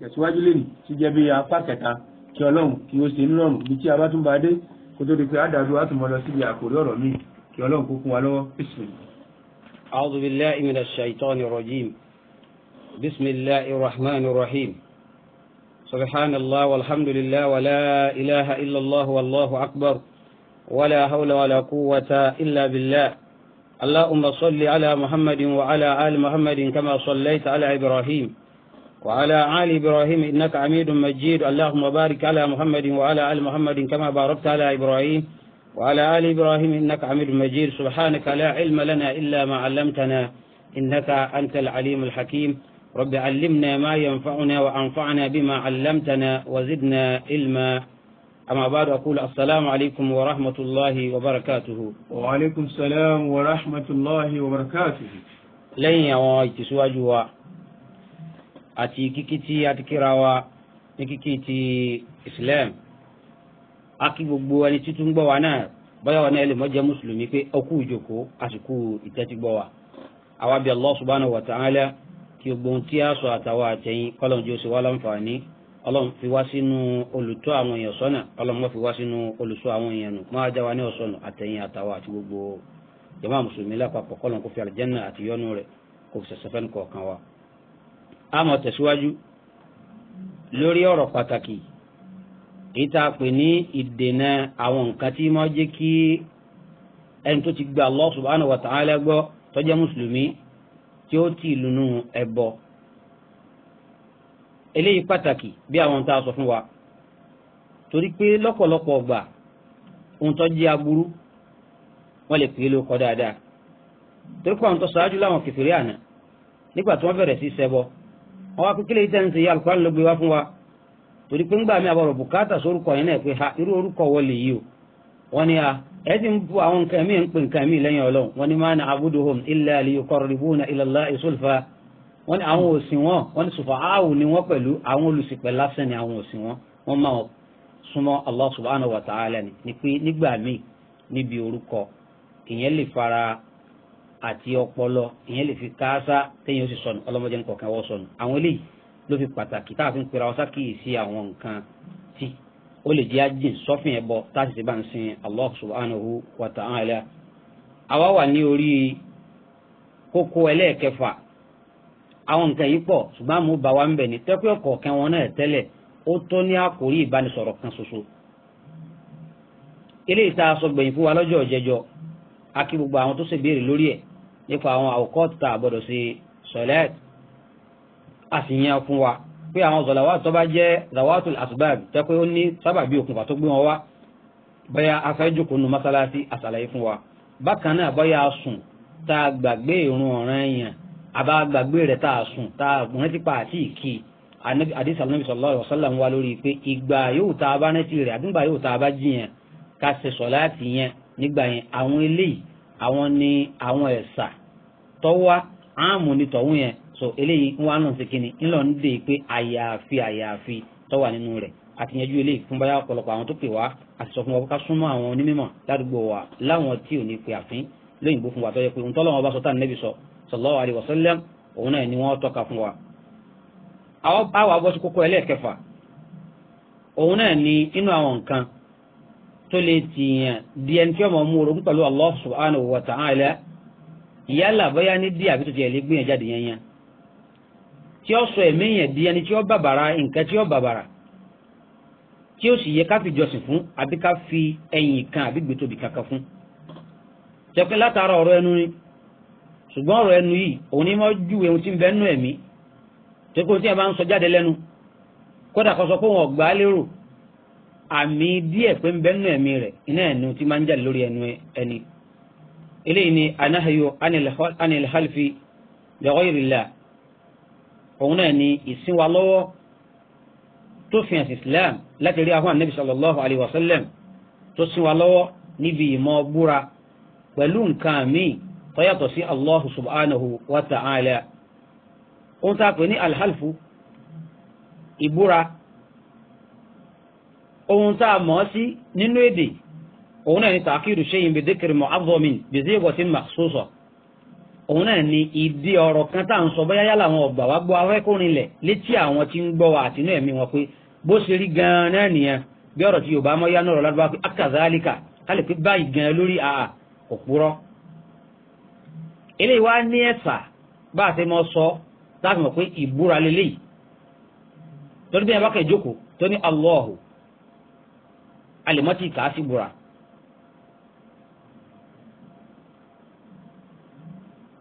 tẹ̀síwájú lè ní tí jẹ́ bí apá kẹta kí ọlọ́run kí ó ṣe nírọ̀rùn bí tí a bá tún bá dé kó tó di pé àdàdú á tún mọ lọ síbi àkórí ọ̀rọ̀ míì kí ọlọ́run kó kún wa lọ́wọ́ bísímìlì. a'udhu billahi minash shaitani rajim bismillahi rahmani rahim subhanallah walhamdulillah wala ilaha illallah wallahu akbar wala hawla wala quwwata illa billah allahumma salli ala muhammadin wa ala ali muhammadin kama sallaita ala ibrahim. وعلى آل إبراهيم إنك عميد مجيد اللهم بارك على محمد وعلى آل محمد كما باركت على إبراهيم وعلى آل إبراهيم إنك عميد مجيد سبحانك لا علم لنا إلا ما علمتنا إنك أنت العليم الحكيم رب علمنا ما ينفعنا وأنفعنا بما علمتنا وزدنا علما أما بعد أقول السلام عليكم ورحمة الله وبركاته وعليكم السلام ورحمة الله وبركاته لن يواجه سواجه àti kíkí tí a ti kíra wa ní kíkí ti Islam a kí gbogbo ẹni títún gbọ́ wa náà bóyá wa náà lè mọ́ jẹ́ mùsùlùmí pé ọkú ìjókòó àsìkò ìtẹ́tígbọ́ wa àwa bí Allah subhanahu wa ta'ala kí gbogbo ohun tí a sọ àtàwọn àtẹ̀yìn kọ́lọ́n jẹ́ oṣù wa láǹfààní ọlọ́run fi wá sínú olùtọ́ àwọn èèyàn sọ́nà ọlọ́run wọ́n fi wá sínú olùsọ àwọn èèyàn nù máa já wa ní ọ̀sọ́nà àtẹ̀yìn àtàwọn àti gbogbo jàmáà mùsùlùmí lápapọ̀ kọ́lọ́n kó fi àlùjánnà àti yọ́nú rẹ̀ kó fi sẹ̀sẹ̀ fẹ́ni kọ̀ọ̀kan wa. a máa tẹ̀síwájú lórí ọ̀rọ̀ pàtàkì ìta pè ní ìdènà àwọn nǹkan tí máa jẹ́ kí ẹni tó ti gba Allah subhanahu wa ta'ala gbọ́ mùsùlùmí tí ó ti lùnú ẹ̀bọ eléyìí pàtàkì bí àwọn tá a sọ fún wa torí pé lọ́pọ̀lọpọ̀ ọgbà ohun tó jẹ́ aburú wọ́n lè pè é dáadáa torí pé àwọn tó ṣáájú láwọn àná nígbà tí wọ́n àwọn akékeré yìí tẹ̀sí yìí alukóran ló gbé wá fún wa torí pé ńgbà mi àbọ̀rọ̀ bùkátà sórúkọ yẹn náà pé ha irú orúkọ wọlé yìí o a ẹ ti ń bu àwọn nǹkan mi ń pè nǹkan mi lẹ́yìn ọlọ́run na abuduhum illa liyuqarribuna ila Allahi sulfa wọ́n ní àwọn òsìn wọn wọ́n ní sùfà áwù ni wọ́n pẹ̀lú àwọn àti ọpọlọ ìyẹn lè fi káásá téèyàn ó sì sọnù ọlọ́mọdé nǹkan kan wọ́n sọnù àwọn eléyìí ló fi pàtàkì tá a fi ń pera ọsá kì í sí àwọn nǹkan tí ó lè jẹ́ ajìn sọ́fìn ẹ̀bọ tá a sì ti bá ń wa ta'ala àwa wà ní orí kókó ẹlẹ́ẹ̀kẹfà àwọn nǹkan wọn náà tẹ́lẹ̀ ó tó ní a kí gbogbo àwọn tó ṣe béèrè lórí ẹ̀ nípa àwọn àwòkọ́ ta àgbọ̀dọ̀ ṣe sọ̀lẹ́t a sì yan fún wa pé àwọn zọ̀làwà tó bá jẹ́ zawatul asbab jẹ́ pé ó ní sábàbí òkùnfà tó gbé wọn wá bóyá afẹ́jùkùn nu mọ́sálásí àṣàlàyé fún wa bákan náà bóyá sùn tá a gbàgbé ìrun ọ̀ràn èèyàn àbá gbàgbé rẹ̀ tá a sùn tá a rántí pa àti ìkì àdìsí àlùmí sallallahu alaihi wasallam wa lórí pé ìgbà yóò tá a bá rántí rẹ̀ àdúgbà yóò tá a bá jí ká ṣe sọ̀láàtì yẹn nígbà yẹn àwọn eléyìí àwọn ni àwọn ẹ̀sà tọ́wá áàmù ni tọ̀hún yẹn so eléyìí ń wá nù sí kíni ńlọ ń dè pé àyàfi àyàfi tọ́wà nínú rẹ̀ àtìyànjú eléyìí fún báyà ọ̀pọ̀lọpọ̀ àwọn tó pè wá àti sọ fún wa ká súnmọ́ àwọn onímọ̀ ládùúgbò wa láwọn tí ò ní pe àfin lóyìnbó fún wa tó yẹ pé ntọ́lọ́ wọn bá sọ táà nẹ́bí sọ sallallahu alaihi wasallam òun náà ni wọ́n tọ́ka fún wa. àwọn báwa bọ́ sí kókó tó lè tìyàn di ẹni tí ọmọ mú orogún pẹ̀lú Allah subhanahu wa ta'ala yálà bóyá ní díẹ̀ àbí tó tiẹ̀ lè gbìyànjú àdé yẹn yẹn tí ó sọ ẹ̀mí yẹn di ẹni tí ó bàbàrà nǹkan tí ó bàbàrà tí ó sì yẹ ká fi jọsìn fún àbí ká fi ẹ̀yìn kan àbí gbètòbí kankan fún jẹ́pẹ́ látara ọ̀rọ̀ ẹnu ni ṣùgbọ́n ọ̀rọ̀ ẹnu yìí ni mo ju ewu tí ń bẹ nú ẹ̀mí tó kó tí ẹ bá jáde lẹ́nu kódà kan sọ wọn ò àmì díẹ̀ pé ń bẹ́nu ẹ̀mí rẹ̀ iná ẹ̀nu tí máa ń jáde lórí ẹnu ẹni. eléyìí ni anahayo anilhalfi lẹ́kọ̀ọ́yìrìlá òun náà ni ìsínwa lọ́wọ́ tó fi hàn sí islam láti rí ahọ́n anabi sallallahu alayhi wa sallam tó sínwa lọ́wọ́ níbi ìmọ̀ búra pẹ̀lú nǹkan míì tó sí allah subhanahu wa ta'ala. ó ń sáà pé ní alhalfu ìbúra ohun tá a mọ̀ ọ́ sí nínú èdè òun náà ni tàkìrù ṣéyìn bí dékèrè mọ́ abdomin bí sí òun náà ni ìdí ọ̀rọ̀ kan tá à ń sọ bóyá yálà àwọn ọ̀gbà wá gbọ́ afẹ́kùnrin lẹ̀ létí àwọn tí ń gbọ́ wa ẹ̀mí wọn pé bó ṣe rí gan-an náà nìyẹn bí ọ̀rọ̀ yorùbá mọ́ yánú ọ̀rọ̀ pé pé báyìí gan-an lórí àà eléyìí wá ní ẹ̀sà bá a sọ mọ̀ pé ìbúra lélẹ́yìí tó alimọ́tì kà á sì búra.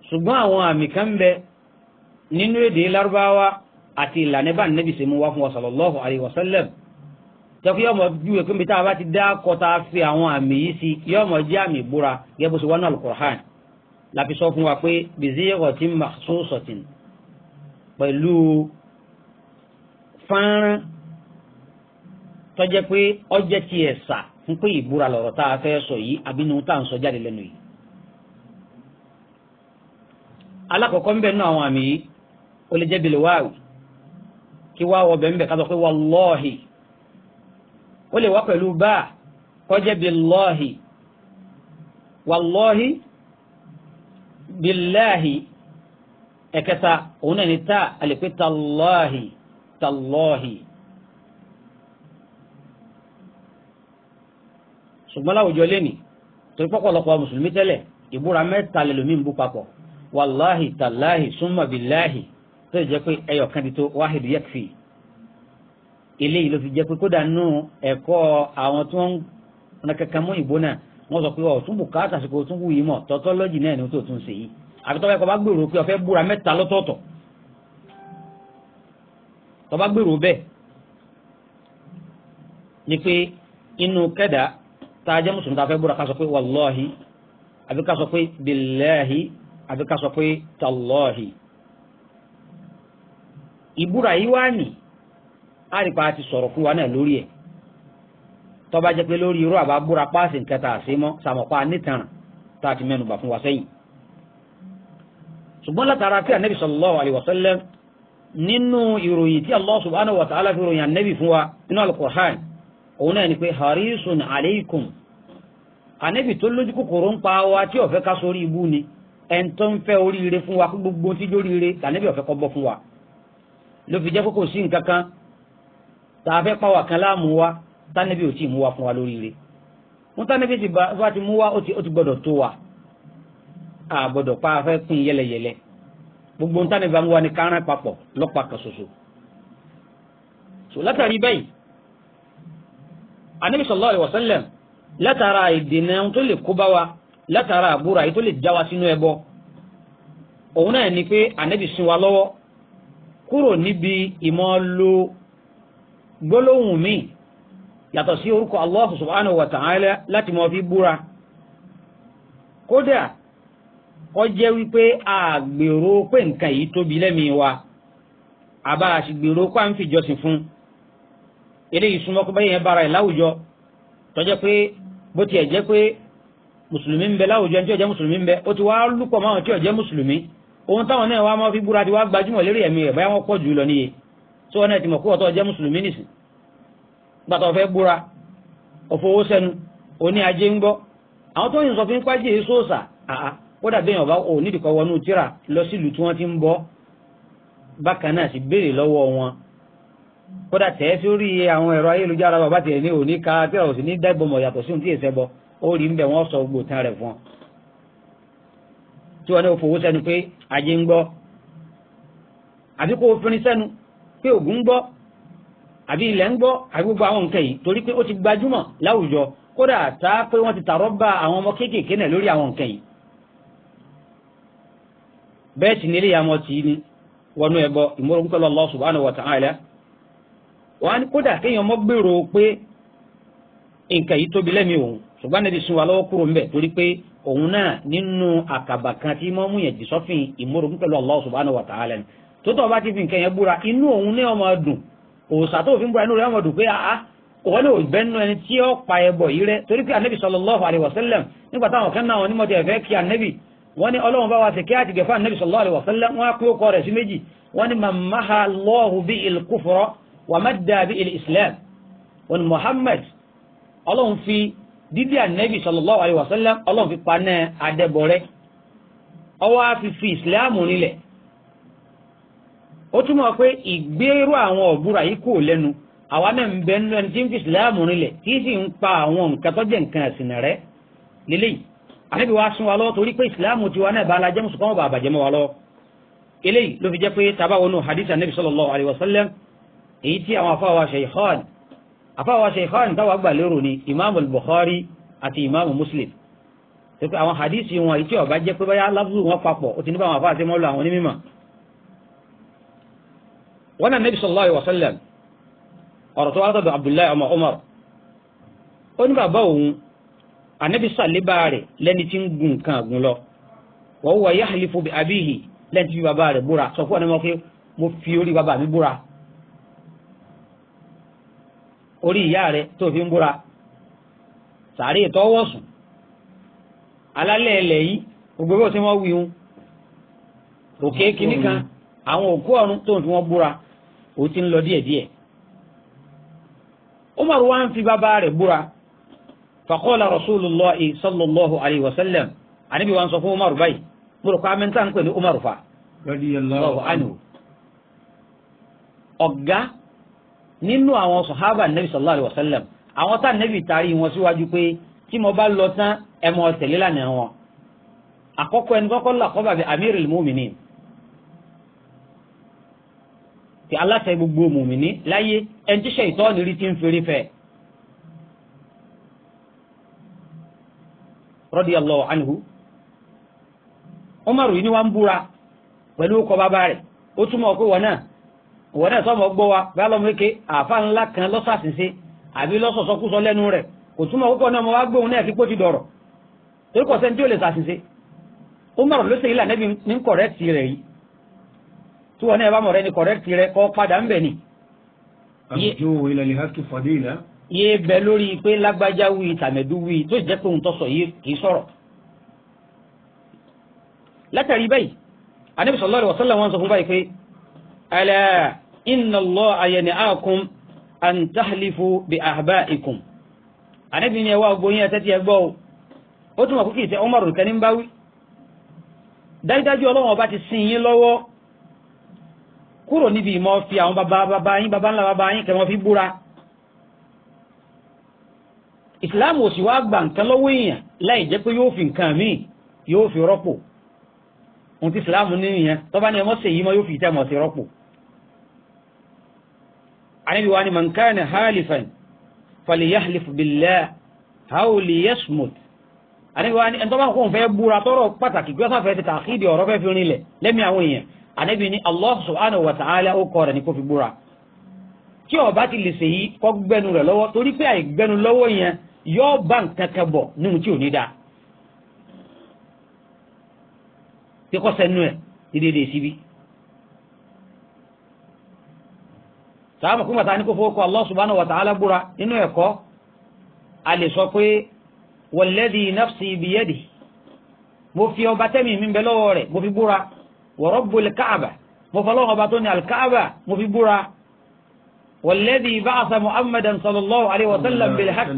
ṣùgbọ́n àwọn àmì kan bẹ nínú èdè lárúbáwá àti ìlànà bá nẹ́bí ṣe mú wá fún wa sallallahu alayhi wa sallam tẹ́kù yọmọ júwe pé bí tá a bá ti dá kọta fi àwọn àmì yìí sí yọmọ jẹ́ àmì búra gẹ́gẹ́ bó ṣe wọ́n náà al-Qur'an sọ fún wa pé biziratin makhsusatin pẹ̀lú fánrán tọ́jẹ́ pé ọjẹ́ ti ẹ̀ pé ìbúra lọ̀rọ̀ tá a fẹ́ sọ yìí àbínú tá à ń sọ jáde lẹ́nu yìí. alákọ̀ọ́kọ́ ń bẹ̀ nú àwọn àmì yìí ó lè jẹ́ bìlẹ̀ wáàwì kí wá bẹ̀ ń bẹ̀ ká sọ pé ó lè wá pẹ̀lú báà kọ́jẹ́ ẹ̀kẹta òun ṣùgbọ́n láwùjọ lẹ́nì torí pọ́pọ̀lọpọ̀ mùsùlùmí tẹ́lẹ̀ ìbúra mẹ́ta lẹ́lòmí ń bú papọ̀ wàláhì tàláhì súnmà bíláhì tó jẹ́ pé ẹyọ kan ti tó wáhìdù yẹ́kfì eléyìí ló fi jẹ́ pé kódà nù ẹ̀kọ́ àwọn tí wọ́n ń kankan mú ìbò náà wọ́n sọ pé ọ̀tún bùkátà sí kò tún wù yìí mọ̀ tọ́tọ́lọ́jì náà ni ó tó tún ṣe yìí àbí tọ́ba ẹ̀kọ́ bá gbèrò pé ọ̀fẹ́ búra mẹ́ta lọ́tọ̀ọ̀tọ̀ tọ́ba gbèrò bẹ́ẹ̀ ni pé inú kẹ́dàá tá a jẹ́ mùsùlùmí tá a fẹ́ búra ká sọ pé wàlọ́ọ̀hì àbí ká sọ pé bìlẹ́ẹ̀hì àbí ká sọ pé tàlọ́ọ̀hì. ìbúra yìí wá nì á rí pa ti sọ̀rọ̀ fún wa náà lórí ẹ̀ tó bá jẹ́ pé lórí irú àbá búra páàsì nǹkan tá a ṣe mọ́ sàmọ̀pá nítàràn tá a ti mẹ́nubà fún wa sẹ́yìn. ṣùgbọ́n látara pé ànábì sallallahu alaihi wasallam nínú ìròyìn tí Allah subhanahu wa ta'ala fi ròyìn ànábì fún wa nínú al òun náà ni pé harisun aleikum ànábì tó lójú kòkòrò ń pa wa tí ó fẹ́ ká sórí ibú ni ẹni tó ń fẹ́ oríire fún wa gbogbo tí jó ríire tànábì ó fẹ́ kọ́ bọ́ fún wa ló fi jẹ́ kókò sí nǹkan kan tá a fẹ́ pa wà kan láàmú wa tànábì ò tí ì mú wa fún wa lóríire wọn tànábì ti bá ti mú wa ó ti gbọ́dọ̀ tó wa a gbọ́dọ̀ pa afẹ́ pín yẹlẹyẹlẹ gbogbo tànábì wa ni kárán papọ̀ lọ́pàá kan ṣoṣo so látàrí bẹ́yìí anabi sallallahu alayhi wa sallam látara ìdènà tó lè kó bá wa látara àbúrò àyè tó lè já wa sínú ẹbọ òun náà ni pé anabi sin wa lọ́wọ́ kúrò níbi ìmọ̀ lo gbólóhùn míì yàtọ̀ sí orúkọ allah subhanahu wa ta'ala láti mọ fi búra kódà kọjẹ́ wípé àgbèrò pé nǹkan yìí tóbi lẹ́mìí wa àbá àṣìgbèrò pàǹfìjọsìn fún un eléyìí súnmọ́ pé báyìí yẹn bára ẹ̀ láwùjọ tó jẹ́ pé bó tiẹ̀ jẹ́ pé mùsùlùmí ń bẹ láwùjọ ẹni tí ò jẹ́ mùsùlùmí ń bẹ ó ti wá lùpọ̀ máwọn tí ò jẹ́ mùsùlùmí ohun táwọn náà wá máa fi búra ti wá gbajúmọ̀ lérí ẹ̀mí rẹ̀ báyà wọ́n pọ̀ jù lọ níye tó wọn náà ti mọ̀ pé ọ̀tọ̀ jẹ́ mùsùlùmí nìsí gbàtọ̀ fẹ́ búra ọ̀fọwọ́ sẹ́nu òní ajé ń gbọ́ àwọn tó ń sọ fún pàjé sóòsà àá kódà bẹ́ẹ̀ ọba ò nídìí kọ́ wọnú tíra lọ sílùú tí wọ́n ti ń bọ́ bákan náà sì béèrè lọ́wọ́ wọn kódà tẹ́ sórí àwọn ẹ̀rọ ayélujára bàbá tiẹ̀ ní òní ka tí ọ̀rọ̀ sì ní dẹ́gbọmọ̀ yàtọ̀ sí ohun tí èsẹ́ bọ ó rí nbẹ̀ wọ́n sọ gbogbo tán rẹ̀ fún ọ. tí wọ́n ní o fowó sẹ́nu pé ajé ń gbọ́ àbí kó o fínrin sẹ́nu pé ògùn ń gbọ́ àbí ilẹ̀ ń gbọ́ àbí gbogbo àwọn nǹkan yìí torí pé ó ti gbajúmọ̀ láwùjọ kódà tá pé wọ́n ti tààrọ́ bá àwọn ọmọ kéékèèké náà lórí àwọn nǹkan yìí bẹ́ẹ̀ sì ní ìyàmọ̀ tì í ni wọnú ẹ̀bọ ìmọ̀ràn Allah subhanahu wa ta'ala wọ́n á ní kódà kéèyàn mọ́ gbèrò pé nǹkan yìí tóbi lẹ́mìí òun ṣùgbọ́n níbi sun wa lọ́wọ́ kúrò ńbẹ̀ torí pé òun náà nínú àkàbà kan tí mọ́ mú yẹn jì sọ́fìn ìmúrogún pẹ̀lú Allah subhanahu wa ta'ala ni tó tọ́ bá ti fi nǹkan yẹn búra inú òun náà ọmọ dùn òòsà tó fi ń búra inú rẹ̀ ọmọ dùn pé àá òun náà òbẹ́ nínú ẹni tí ó pa ẹbọ yìí rẹ torí pé anabi sallallahu alaihi wasallam nígbà táwọn wọ́n ní ọlọ́run bá wa ṣe kí á ti gẹ̀fà anabi sallallahu alaihi wasallam wọ́n á kó kọ rẹ̀ sí méjì wọ́n ní mamaha Allahu bi il kufra wà má dàbí ilẹ̀ islam wọn muhammad ọlọ́run fi dídí ànábì sallallahu alayhi wa sallam ọlọ́run fi paná adẹ́bọ̀rẹ́ ọwọ́ á fi fi islam nílẹ̀ ó túmọ̀ pé ìgbéró àwọn ọ̀búra yìí kò lẹ́nu àwa náà ń bẹ nínú ẹni tí ń fi islam nílẹ̀ tí sì ń pa àwọn nǹkan tó jẹ́ nǹkan ẹ̀sìn rẹ̀ lélẹ́yìí ànábì wa sún wa lọ torí pé islam tiwa náà bá alájẹ́ mùsùlùmọ́ bàbàjẹ́ mọ́ wa lọ eléyìí ló fi jẹ́ pé tabawo nù hadith ànábì sallallahu alayhi wa èyí tí àwọn afáwa sheikhan afáwa sheikhan táwa gbà lérò ni imaamu bukhari àti imaamu muslim tó pé àwọn hadisi wọn èyí tí ó bá jẹ́ pé báyà lábúrú wọn papọ̀ ó ti ní bá àwọn afáwa tí wọ́n lọ àwọn onímọ̀ wọn náà nabi sallallahu alayhi wa sallam ọ̀rọ̀ tó wá látọ̀dọ̀ abdullahi ọmọ umar ó ní bàbá òun anabi sàlébà rẹ̀ lẹ́ni tí ń gun nǹkan àgùn lọ wọ́n wọ yahlifu bi abihi lẹ́ni tí bàbá rẹ̀ búra sọ fún ọ mo fi orí bàbá mi búra orí ìyá rẹ tó fi ń búra sàárè ìtọ́wọ́sùn elayi ẹlẹ̀ yìí gbogbo bó ṣe wọ́n wí hun òkè kínní kan àwọn òkú ọ̀run tó ń fi wọ́n búra ó ti ń lọ Umar wa ń sallallahu alayhi wa sallam anabi wa ń sọ fún Umar báyìí mo rò pé Umar fa ọgá. nínú àwọn sọ̀hábà nẹ́bí sallallahu alaihi wasallam àwọn tá nẹ́bí taari wọn síwájú pé tí mo bá lọ tán ẹ mọ tẹ̀lé lánàá wọn àkọ́kọ́ ẹni kọ́kọ́ là kọ́ bàbí amirul mu'minin ti aláṣẹ gbogbo mùmìnì láyé ẹni tí ṣèyítọ́ nírí ti ń fèrè fẹ́ radiyallahu anhu Umaru yìí ni wọ́n ń búra pẹ̀lú ọkọ̀ bàbá rẹ̀ ó túmọ̀ pé wọ́n náà ìwọ náà sọmọ gbọ́ wa bá lọ́mọ eke àfa ńlá kan lọ́sàṣìṣe àbí lọ́sọ̀sọ́kúsọ lẹ́nu rẹ̀ kò túmọ̀ púpọ̀ náà mo wá gbóhùn náà sí pé ó ti dọ̀rọ̀ torí kò sẹ́ni tí ó lè ṣàṣìṣe ó mọ̀rọ̀ ló ṣe ilà nẹ́bí ní kọ̀rẹ́tì rẹ̀ yìí tí wọn náà bá mọ̀ rẹ kọ̀rẹ́tì rẹ̀ kọ́ padà ń ni. àjò ìlànà ìhàkì fàdé ìlà. yé bẹ lórí pé lágbájá wí tàmẹ̀dú wí tó jẹ́ pé òun tó sọ yìí kì í ala inna allah ayani yanaakum an tahlifu bi ahbaikum anabi ni ẹwà gbóyin ẹtẹtí ẹgbọ́ o ó tún wà kókè tẹ ọmọ rùkẹ́ ní bá wí ọba ti sin yín lọ́wọ́ kúrò níbi ìmọ̀ fi àwọn baba baba yín baba ńlá baba yín kẹmọ́ fi bura. Islam ò sì wá gba nǹkan lọ́wọ́ èèyàn láì jẹ́ pé yóò fi nǹkan míì yóò fi rọ́pò ohun Islam ìsìláàmù ní nìyẹn tọ́ba ni ẹ mọ́ sèyí mọ́ yóò fi ìtẹ́ mọ́ sí rọ́pò anabi wa ni man kana halifan falyahlif billah aw liyasmut anabi wa ni ẹni tó bá kóun fẹ́ búra tọrọ pàtàkì gbé ọsàn fẹ́ ti tàkìdì ọ̀rọ̀ fẹ́ fi rinlẹ̀ lẹ́mí àwọn èèyàn anabi ni allah subhanahu wa ta'ala ó kọ rẹ̀ ní kó fi búra tí ó bá ti lè ṣèyí kó gbẹnu rẹ̀ lọ́wọ́ torí pé àìgbẹnu lọ́wọ́ yẹn yóò bá nǹkan kan bọ̀ nínú tí ò ní dáa kíkọ́ sẹ́nu ẹ̀ dédé síbi. sábà fún bàtà ní kó fowó kọ Allah subhanahu wa ta'ala búra nínú ẹ̀kọ́ a lè sọ pé walladhi nafsi biyadihi mo fi ọba tẹ́mi mi bẹ lọ́wọ́ rẹ̀ mo fi búra wa rabbul káàbà mo fọ lọ́wọ́ ọba tó ní alkaaba mo fi búra walladhi ba'atha muhammadan sallallahu alayhi wa sallam bil haqq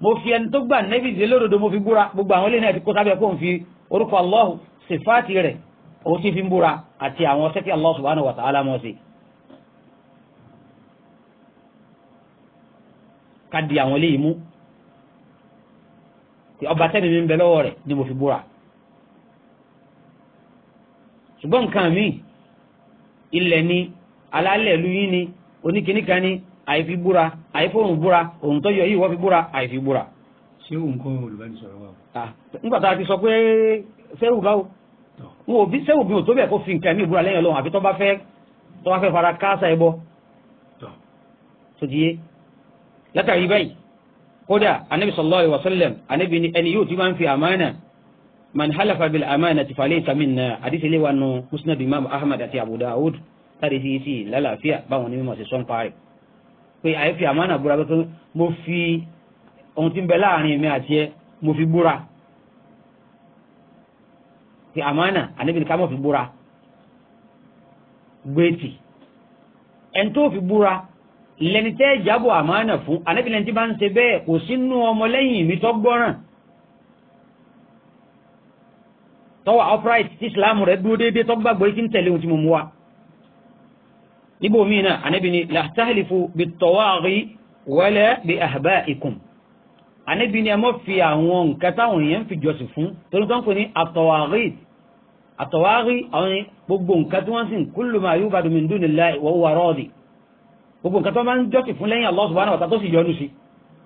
mo fi ẹni tó gbà nẹ́bí ìdílé lòdòdó mo fi búra gbogbo àwọn eléyìí náà ti kó sábẹ́ kó n fi orúkọ Allah sifaati rẹ̀ òun ti fi búra àti àwọn ọ̀sẹ̀ Allah subhanahu wa ta'ala mọ̀ sí ká di àwọn eléyìí mú ọba tẹ́mi mi ń bẹ lọ́wọ́ rẹ̀ ni mo fi búra ṣùgbọ́n nǹkan mi ilẹ̀ ni alálẹ̀ ìlú yín ni oníkìníkan ni àìfi búra àìfóhùn búra òun tó yọ yìí wọ́n fi búra àìfi búra. ṣé òun kọ́ olùbánisọ̀rọ̀ wa. nígbà tá a ti sọ pé sẹ́wù báwo n ò bí sẹ́wù bí o tó bẹ́ẹ̀ kó fi nǹkan mi búra lẹ́yìn ọlọ́run àbí tó bá fẹ́ tó bá fẹ́ fara káásá ẹ bọ́. tó ti yé látàrí báyìí kódà anabi sallallahu alayhi wa sallam anabi ni ẹni yóò ti máa ń fi àmàna man halafa bil àmàna ti falẹ̀ sàmìnà àdìsí ilé wa nù musnad imam ahmad àti abu dawud láti sí sí lálàáfíà báwọn onímọ̀ ṣe sọ́n parí pé àyè fi àmàna búra pé mo fi ohun tí ń bẹ láàrin mi àti ẹ mo fi búra ti àmàna anabi ni ká mọ̀ fi búra gbé tì ẹni tó fi búra lẹni tẹ́ jábọ̀ àmánà fún anábì lẹni tí bá ń ṣe bẹ́ẹ̀ kò sínú ọmọlẹ́yìn mi tó gbọ́ràn tọ́wà upright tí islam rẹ̀ dúró déédéé tó gbàgbọ́ ikí ń tẹ̀lé ohun tí mo mú wa níbo míì náà anábì ni làtàlìfù bí tọ́wáàrí wala bí ahbaikum anábì ni ẹ mọ́ fi àwọn nǹkan táwọn èèyàn fi jọ́sìn fún torí tó ń pè ní àtọ̀wáàrí àtọ̀wáàrí àwọn gbogbo nǹkan tí wọ́n sìn kullu ma yubadu gbogbo nǹkan tó máa ń jọ́sìn fún lẹ́yìn Allah subhanahu wa ta'ala tó sì yọnu sí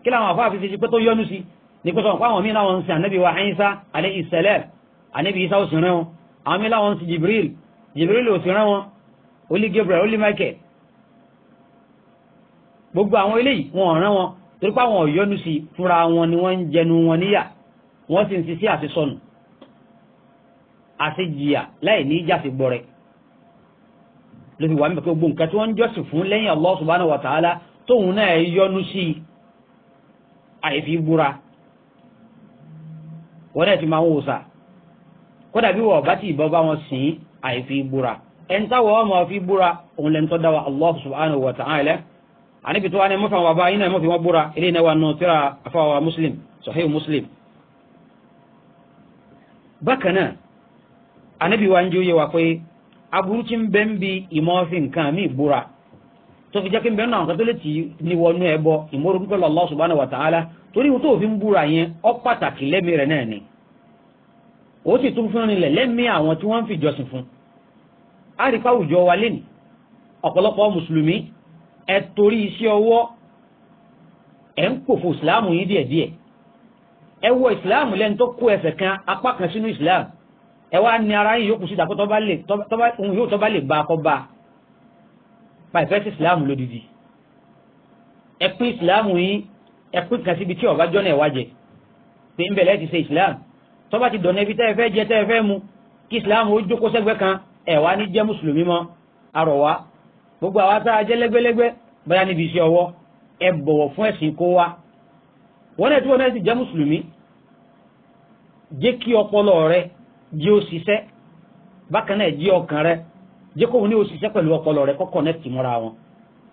kí làwọn àfáà fi ṣe pé tó yọnu sí ní pé sọ̀rọ̀ fáwọn míì láwọn ń sin ànábì wa Isa alayhi salam ànábì Isa ó sì rán wọn àwọn míì láwọn ń sin Jibril Jibril ó sì rán wọn ó lé Gabriel ó lé Michael gbogbo àwọn eléyìí wọn ò rán wọn torí pé àwọn ọ̀yọ́nu sí fúnra wọn ni wọ́n ń jẹnu wọn níyà wọ́n sì ń sisi àti sọnù àti jìyà láì ní ìjà sí gbọ́rẹ̀ ló fi wà mí pé gbogbo nǹkan tí wọ́n ń jọ́sìn fún lẹ́yìn Allah subhanahu wa ta'ala tóun náà yọnu sí i àìfi búra wọ́n náà ti máa ń wòsà kódà bí wọ́n bá ti ìbọn bá wọn sìn àìfi búra ẹni táwọn ọmọ fi búra òun lẹ́nu tó dáwà Allah subhanahu àníbi tó wá ní mọ́fà wàbá iná mọ́fì wọ́n búra ilé náà wà nù tíra afáwà muslim sahih muslim bákan náà àníbi wa ń jẹ́ òye wa pé aburuci tí ń bi ìmọ̀ọ́sìn nǹkan mi ìbúra tó fi jẹ́ kí n bẹ́ẹ̀ náà nǹkan tó lè tì ní wọnú ẹbọ ìmọ̀ọ́rùn pẹ̀lú Allah subhanahu wa ta'ala torí ohun tó fi ń búra yẹn ó pàtàkì lẹ́mí rẹ̀ náà ni ó sì tún fún rinlẹ̀ lẹ́mí àwọn fi jọsìn fún a rí káwùjọ wa lẹ́nì ọ̀pọ̀lọpọ̀ mùsùlùmí ẹ torí iṣẹ́ ọwọ́ ẹ ń pòfo díẹ̀díẹ̀ ẹ ẹ ni ní ara yìí yókù síta pé òun yóò tọ́ba lè ba akọ́ ba pa ìfẹ́ sí ìsìláàmù lódìdí ẹ pín ìsìláàmù yín ẹ pín kan síbi tí ọ̀gá jọ́nà ẹ̀ wá jẹ pé ń bẹ̀rẹ̀ ti ṣe ìsìláàmù tọ́ba ti dọ̀nà ibi tẹ́ ẹ fẹ́ jẹ tẹ́ ẹ fẹ́ mu kí ìsìláàmù ó jókòó sẹ́gbẹ́ kan ẹ̀ wá ní jẹ́ mùsùlùmí mọ́ arọ̀ gbogbo àwa tá a jẹ́ lẹ́gbẹ́lẹ́gbẹ́ bóyá níbi iṣẹ́ ọwọ́ ẹ bọ̀wọ̀ fún ẹ̀sìn kó wa wọ́n náà tí wọ́n náà ti jẹ́ mùsùlùmí jẹ́ kí ọpọlọ rẹ̀ jí ó ṣiṣẹ́ bákan náà jí ọkàn rẹ jẹ́ kóun ní ó ṣiṣẹ́ pẹ̀lú ọpọlọ rẹ kó connect mọ́ra wọn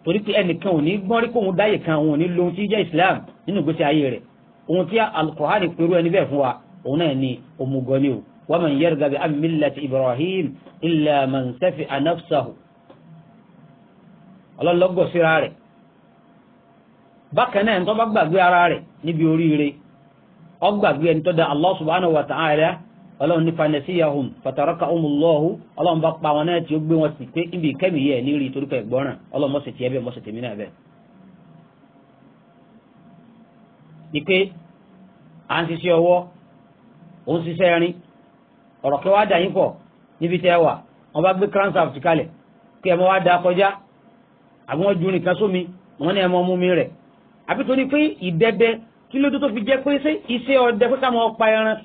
torí pé ẹnìkan ò ní gbọ́n rí kóun dáyè kan òun ò ní lóhun tí jẹ́ Islam nínú ìgbésí ayé rẹ̀ ohun tí Al-Qur'ani pẹ̀lú ẹni bẹ́ẹ̀ fún wa òun náà ni òmùgọ̀ ni o wa man yarghabu an millati Ibrahim illa man safiha ọlọ́lọ́gọ̀ síra ọlọ́run ní fanẹsíyàhùn fataraka umulọ́hu ọlọ́run bá pa wọn náà tí ó gbé wọn sí pé ibi ìkẹ́mi yẹ ní rí torí pé gbọ́ràn ọlọ́run mọ̀sẹ̀ tiẹ́ bẹ́ẹ̀ mọ̀sẹ̀ tèmi náà bẹ́ẹ̀. ipe à ń ṣiṣẹ́ ọwọ́ ò ń ṣiṣẹ́ ẹrin ọ̀rọ̀ kí wàá dà yín pọ̀ níbi tẹ́ wà wọ́n bá gbé cransaft kalẹ̀ kí ẹ mọ wá da kọjá àbí wọ́n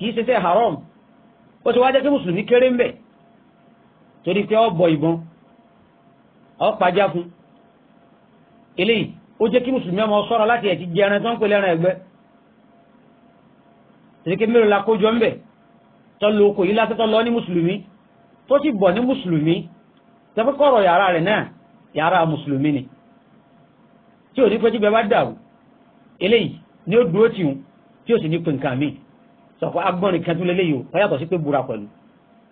ju ó ti wá jẹ́ kí mùsùlùmí kéré ń bẹ̀ torí pé ọ bọ ìbọn ọ pàjá fún eléyìí ó jẹ́ kí mùsùlùmí ọmọ sọ́ra láti ẹ̀tí jẹ ẹran tó ń pè lẹ́ran ẹ̀gbẹ́ tẹ̀lékè mélòó la kójọ ńbẹ̀ tó lo okò yìí lásán tó lọ ní mùsùlùmí tó sì bọ̀ ní mùsùlùmí tẹ́fẹ́ kọ̀rọ̀ yàrá rẹ̀ náà yàrá mùsùlùmí ni tí ò ní pẹ́ tí bẹ́ẹ̀ bá dàrú eléyìí ni ó dúró tì ń tí ò sì ní pè nǹkan míì sọ̀kọ́ agbọ́nrin kan tún lélẹ́yìí o wọ́n yàtọ̀ sí pé búra pẹ̀lú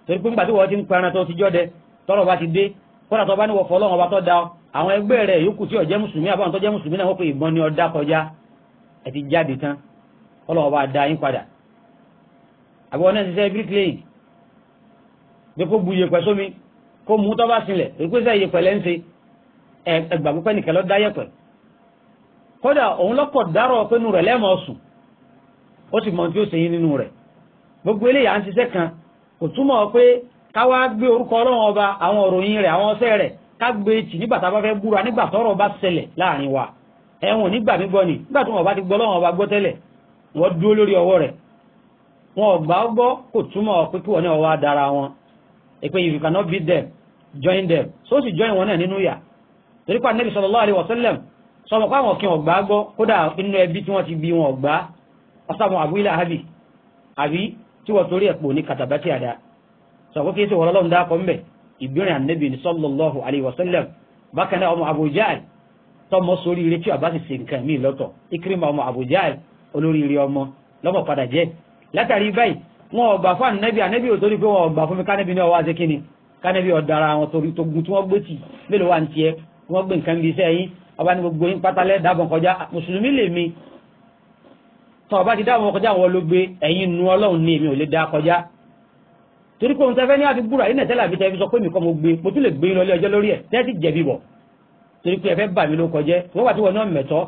torí pé ńgbà tí wọ́n ti ń pẹran tó ti jọ́dẹ tọ́rọ̀ bá ti dé kódà tó bá ní wọ́fọ́ ọlọ́run ọba tó da àwọn ẹgbẹ́ rẹ̀ yòókù tí ó jẹ́ mùsùlùmí àbáwọn tó jẹ́ mùsùlùmí náà wọ́n pe ìbọn ní ọ̀dà kọjá ẹ ti jáde tán ọlọ́run ọba da yín padà àbúrò náà ṣiṣẹ́ bíríkìlẹ́yìn pé kó bu iyẹ̀pẹ̀ sómi kó mú tọ́ bá sílẹ̀ torí pé sẹ́ iyẹ̀pẹ̀ lẹ́ ń ṣe ẹgbàgbọ́pẹ́ nìkan lọ dá yẹ̀pẹ̀ kódà òun lọ́kọ̀ dárọ̀ pé nù rẹ̀ lẹ́mọ̀ sùn ó sì mọ tí ó ṣe yín nínú rẹ̀ gbogbo eléyà ń ṣiṣẹ́ kan kò túmọ̀ pé ká wá gbé orúkọ ọlọ́run ọba àwọn òròyìn rẹ̀ àwọn ọṣẹ́ rẹ̀ ká gbé e tì nígbà tá a bá fẹ́ búra nígbà tọ́rọ̀ bá ṣẹlẹ̀ láàrin wa ẹ̀wọ̀n nígbà mi gbọ́ ni nígbà tí wọn bá ti gbọ́ ọlọ́run ọba gbọ́ tẹ́lẹ̀ wọ́n dúró lórí ọwọ́ rẹ̀ wọn ò gbà ó gbọ́ kò túmọ̀ pé kí wọn náà wá dára wọn èpè if you cannot beat them join them so sì join wọn náà nínú yà torí pa nẹ́bí sallallahu alaihi wasallam sọmọ pé àwọn kí wọn gbà á gbọ́ kódà inú ẹbí tí wọ́n ti bí wọn gbà ọ̀sàmù àbúlé àhábì àbí tí wọ́n torí ẹ̀pọ̀ ní kàtàbátì àdá sọ̀kọ́ kí ṣe wọ́lọ́lọ́m dákọ̀ mbẹ̀ ìbírin ànábì ní sallallahu alayhi wa sallam bákan náà ọmọ Abu Jahl tọmọ sórí ire tí àbá sì ṣe nǹkan míì lọ́tọ̀ Ikrima ọmọ Abu Jahl olórí ire ọmọ lọ́mọ padà jẹ́ látàrí báyìí wọn ọgbà fún ànábì ànábì ò torí pé wọn ọgbà fún mi kánẹ́bì ní ọwọ́ azekínni kánẹ́bì ọ̀dàrà àwọn torí togun tí tọ́ ọba ti dá àwọn kọjá àwọn ológbe ẹ̀yin nu ọlọ́run ní èmi ò lè dá kọjá torí pé òun tẹ́fẹ́ ní àti búra yìí nẹ̀tẹ́lá mi tẹ́fi sọ pé mi kọ́ mo gbé mo tún lè gbé yín lọ ilé ọjọ́ lórí ẹ̀ tẹ́tí jẹ̀bi bọ̀ torí pé ẹ̀fẹ́ bà mí ló kọjẹ́ wọ́n wà tí wọ́n náà mẹ̀tọ́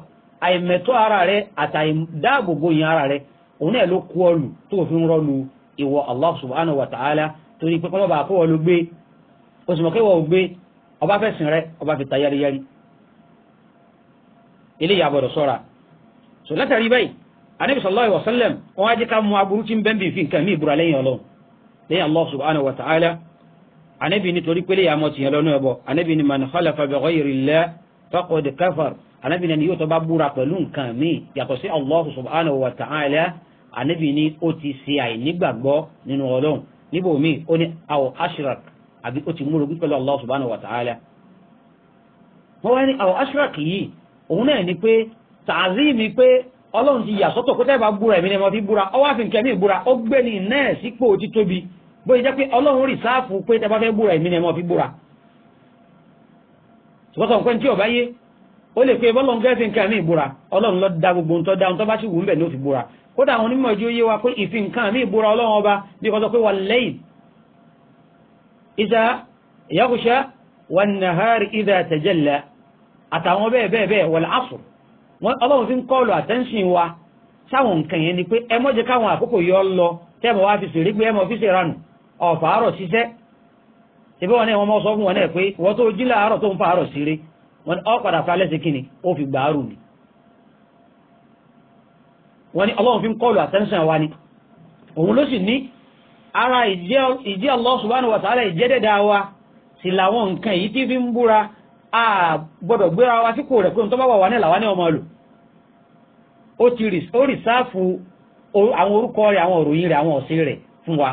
àìmẹ̀tọ́ ara rẹ àtàìdáàbòbò yín ara rẹ òun náà ló kú ọlù tó fi ń rọlù ìwọ Allah subhanahu wa ta'ala torí pé kọ́mọ́ bá kó ló gbé oṣù mọ̀ kéwọ́ gbé ọba fẹ́ sìn rẹ ọba fi ta yáríyárí eléyìí àbọ̀dọ̀ sọ́ra so látàrí báyìí anabi sallallahu alayhi wa sallam wọn ajẹ́ ká mú aburú tí ń bẹ́ẹ̀ bí fi nǹkan mí ìbúra lẹ́yìn ọlọ́run lẹ́yìn allah subhanahu wa ta'ala anabi ni torí pélé yàmọ́ tìyàn lọ́nà ẹ̀bọ anabi ni man khalafa bi ghayri llah faqad kafar anabi ni yóò tó bá búra pẹ̀lú nǹkan mí yàtọ̀ sí allah subhanahu wa ta'ala anabi ni ó ti ṣe àìnígbàgbọ́ nínú ọlọ́run níbo mi ó ní aw ashrak àbí ó ti múrò pẹ̀lú allah subhanahu wa ta'ala wọ́n wá ní aw ashrak yìí òun náà ni pé tààzí mi pé ọlọ́run ti yà sọ́tọ̀ kótẹ́ bá búra èmi ni mo fi búra ọwọ́ àfi nkẹ́mi búra ó gbé ní náà sípò ti tóbi bóyá jẹ́ pé ọlọ́run rì sáàfù pé tẹ́ bá fẹ́ búra èmi ni mo fi búra. sọ́tọ̀ nǹkan tí ọba yé ó lè pe bọ́lọ̀ nkẹ́ fi nkẹ́mi búra ọlọ́run lọ da gbogbo ntọ́ da ntọ́ bá sì wù mbẹ̀ ní ó fi búra kódà àwọn onímọ̀ ìjọ yé wa pé ìfi mi búra ọlọ́run ọba bí kò sọ pé wal-layl idha yaghsha wan-nahari idha tajalla àtàwọn bẹ́ẹ̀ bẹ́ẹ̀ bẹ́ẹ̀ wal-'asr ọlọ́run fi ń kọ́ọ̀lù attention wa sáwọn nǹkan yẹn ni pé ẹ mọ́ jẹ́ káwọn àkókò yọ lọ tẹ́mọ̀ wá fi sèrí pé ẹ mọ̀ fi ṣe ranù ọ̀fà àárọ̀ ṣiṣẹ́ wọn náà wọn mọ sọ fún wọn náà pé wọ́n tó jí láàárọ̀ tó ń fa àárọ̀ wọn ọ padà ó fi gbà ni wọn ni ọlọ́run wa ni òun ló sì ara wa sì làwọn nǹkan yìí fi ń búra a gbọ́dọ̀ gbéra wa sípò rẹ̀ pé n tó bá wà wá ní làwa ní ọmọ lò ó ti ó rì sáàfù àwọn orúkọ rẹ̀ àwọn òròyìn rẹ̀ àwọn ọ̀sìn rẹ̀ fún wa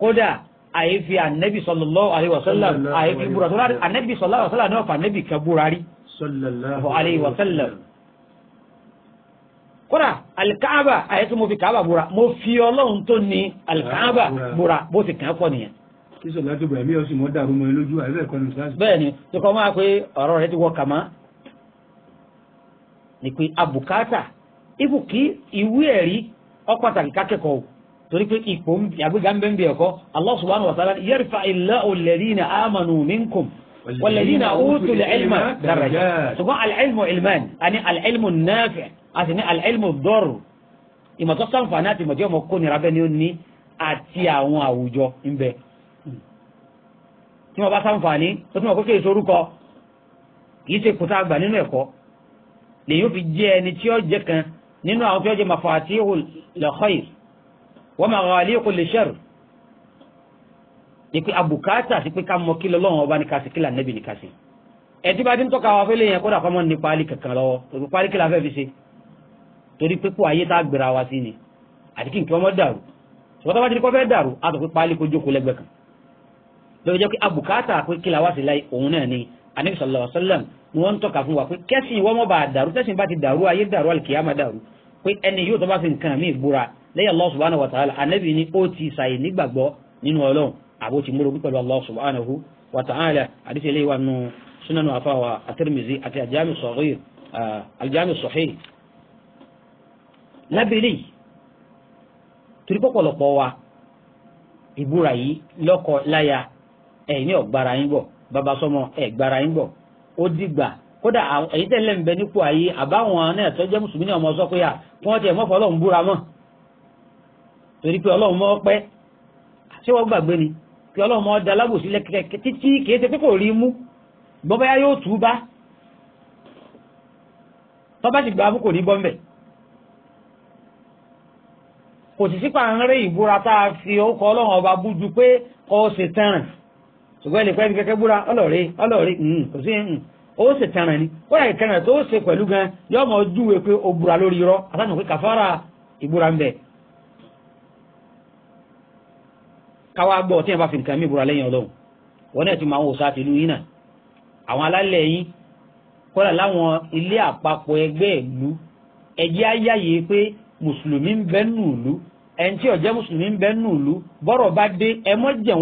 kódà àyèfi ànẹ́bì sallallahu alaihi wasallam àyèfi búra tó láti ànẹ́bì sallallahu alaihi wasallam náà fà ànẹ́bì kan búra rí sallallahu alaihi wasallam kódà alikaaba àyètò mo fi kaaba búra mo fi ọlọ́run tó ní alikaaba ah, búra bó ti kàn án pọ̀ nìyẹn kí sọlá tó bẹ̀rẹ̀ mí pé ọ̀rọ̀ ni pé abùkátà ipò kí ìwé ẹ̀rí ó pàtàkì kákẹ́kọ̀ọ́ torí pé ipò àgbéga ń bẹ́ẹ̀ ẹ̀kọ́ Allah subhanahu wa ta'ala yarfa illahu alladhina amanu minkum والذين أوتوا العلم درجات ṣùgbọ́n العلم علمان àní العلم النافع àti ní العلم الضار ìmọ̀ tó ṣàǹfààní tí wọ́n bá sáǹfààní tó tún wọ́n kókè ìsorúkọ kì í ṣe kùtà àgbà nínú ẹ̀kọ́ lèyìn ó fi jẹ́ ẹni tí ó jẹ́ kan nínú àwọn tí ó jẹ́ mafatihul lil-khair wa maghaliqul lil-sharr ni pé abùkátà sí pé ká mọ kí lọ́wọ́ ọba ní kásì kílà nẹ́bì ní kásì ẹtí bá ti tọ́ka wa fẹ́lẹ́ yẹn kódà kọ́mọ́ ní páálí kankan lọ́wọ́ torí páálí kílà fẹ́ fi ṣe torí pé kó ayé tá a gbéra wa sí ni àti kí nǹkan ọmọ dàrú ṣùgbọ́n tó bá ti di kọ́ fẹ́ dàrú a sọ pé páálí kó jókòó lẹ́gbẹ̀ẹ́ kan lọ́wọ́ jẹ́ pé abùkátà pé kí la wá sí láì òun náà ni anabi sallallahu alayhi wa sallam ni wọ́n ń tọ́ka fún wa pé kẹ́sìn wọ́n mọ̀ bá a dàrú tẹ́sìn bá ti dàrú ayé dàrú alìkìyàmà dàrú pé ẹni yóò tó bá fi nǹkan mi búra lẹ́yìn allah subhanahu wa ta'ala anabi ni ó ti sàyè nígbàgbọ́ nínú ọlọ́run àbó ti múrò pẹ̀lú allah subhanahu wa ta'ala àdìsí ilé wa nù sunanu afawa atirimizi àti aljami sọ̀hìn uh, aljami sọ̀hìn wa ìbúra yìí lọ́kọ láya ẹ̀yin ni ọ̀gbára yín bọ̀ bàbá sọmọ ẹ̀gbára yín bọ̀ ó dìgbà kódà èyí tẹ́lẹ̀ ń nípò ayé àbáwọn náà tó jẹ́ mùsùlùmí ní ọmọ sọ pé kí wọ́n tiẹ̀ mọ́fọ́ ọlọ́run búra mọ́ torí pé ọlọ́run mọ́ pẹ́ ṣé wọ́n gbàgbé ni pé ọlọ́run mọ́ da alábòsí lẹ́kẹ̀kẹ́ títí kìí ṣe pé kò rí mú bọ́báyá yóò tú bá tọ́bá sì gbà fún kò ní bọ́m̀bẹ̀ kò sì sípà ń rí ìbúra ọba bújú pé kọ́ ṣe ṣùgbọ́n ẹnì pẹ́ẹ́ni kẹ́kẹ́ búra ọlọ́ọ̀rẹ́ ọlọ́ọ̀rẹ́ hmm. kò sí hmm. ó sì tẹ̀ràn ni ó yà kẹrìn tó ṣe pẹ̀lú gan yóò mọ̀ júwe pé o búra lórí irọ́ àtàkùn pé kàfàrà ìbúra ń bẹ. káwá gbọ́ tí yẹn bá fi nǹkan mí búra lẹ́yìn ọlọ́run wọn náà ti mọ àwọn òòṣà tìlú yín náà àwọn alálẹ̀ yín kọ́lá láwọn ilé àpapọ̀ ẹgbẹ́ ìlú bẹ nù ìlú bẹ nù ìlú bọ́rọ̀ bá dé ẹ mọ́ jẹ̀